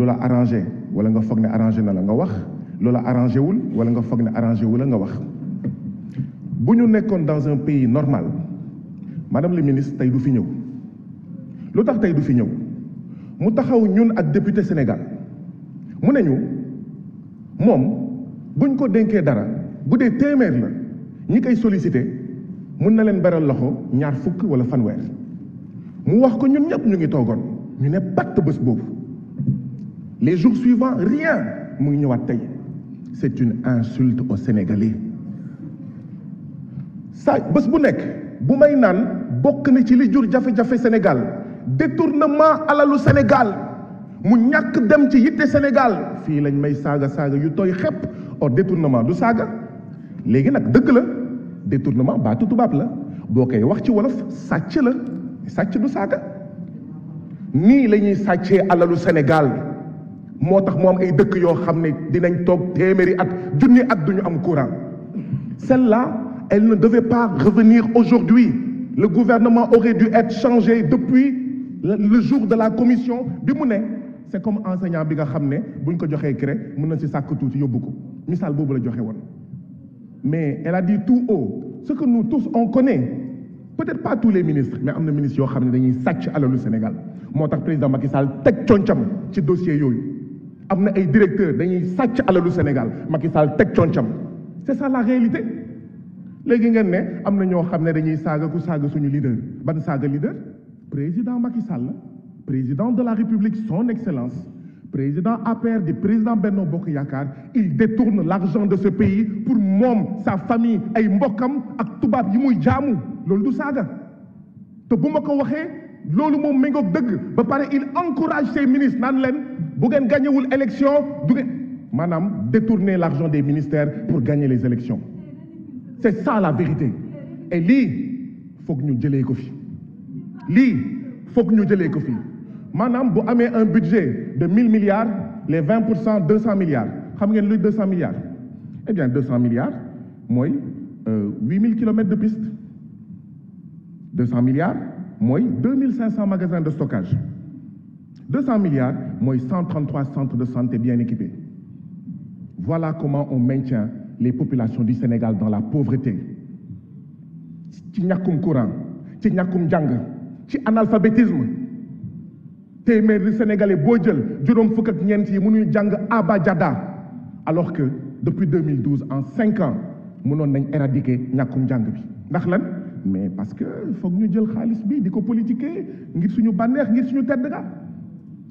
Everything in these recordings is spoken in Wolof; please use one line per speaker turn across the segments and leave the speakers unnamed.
a arrangé wala nga arrangé la nga wax arrangé wala nga arrangé nga wax dans un pays normal madame le ministre tay du fi ñew lutax tay du fi ñew mu taxaw ñun ak député Sénégal mu nous mom buñ ko dénkee dara bu dé sollicité na leen loxo ñaar fukk wala mu wax ko ñun ñu ngi toogoon ñu les jours suivants rien mu ngi c'est une insulte aux Sénégalais Ça, bés bu nekk bu may naan bokk na ci li jur jafé jafé Sénégal détournement alalu Sénégal mu ñak dem ci yitté Sénégal fi lañ may saga saga yu toy xepp or oh, détournement du saga. légui nak deug la détournement baatu tubaab la bokay wax ci wolof sàcc la sàcc du saaga nii la ñuy Sénégal motax tax am ay dëkk yoo xam ne dinañ toog téeméeri at junni at duñu am courant celle-là elle ne devait pas revenir aujourd'hui le gouvernement aurait dû être changé depuis le jour de la commission bi mu ne c'est comme enseignant bi nga xam ne buñ ko joxee cré mën na ci sàkk tuuti yóbbu ko misaal boobu la joxe woon mais elle a dit tout haut ce que nous tous on connaît peut-être pas tous les ministres mais am na ministres yoo xam ne dañuy sàcc alalu Sénégal moo tax président Macky Sall teg concam ci dossier yooyu amna ay directeur dañuy sàcc alalu Sénégal Macky Sall teg concam c'est ça la réalité léegi ngeen ne am na ñoo xam ne dañuy saaga ku saaga suñu leader ban saaga leader président Macky Sall président de la République son excellence président APR du président Benno Bokk Yaakaar il détourne l'argent de ce pays pour moom sa famille ay mbokkam ak tubaab yi muy jaamu loolu du saaga te bu ma ko waxee loolu moom méngoog dëgg ba pare il encourage ses ministres naan leen vous avez gagné l'élection, vous avez... Madame, détournez l'argent des ministères pour gagner les élections. C'est ça la vérité. Et là, il faut que nous délions les Il faut que nous nous Madame, vous avez un budget de 1000 milliards, les 20%, 200 milliards. Vous avez 200 milliards. Eh bien, 200 milliards, moi, 8000 km de piste. 200 milliards, moi, 2500 magasins de stockage. 200 milliards moins 133 centres de santé bien équipés voilà comment on maintient les populations du Sénégal dans la pauvreté a qu'un courant ci ñàkkum njàng ci analphabétisme les sénégalais boo jël juróom fukk ak n'y yi mënuñu jàng abajada alors que depuis 2012 en 5 ans mënoon nañ éradiqué ñàkkum Djang. bi ndax lan mais parce que nous ñu jël nous bi di nous politiquer ngir suñu nous ngir têtes de ga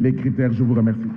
les critères. Je vous remercie.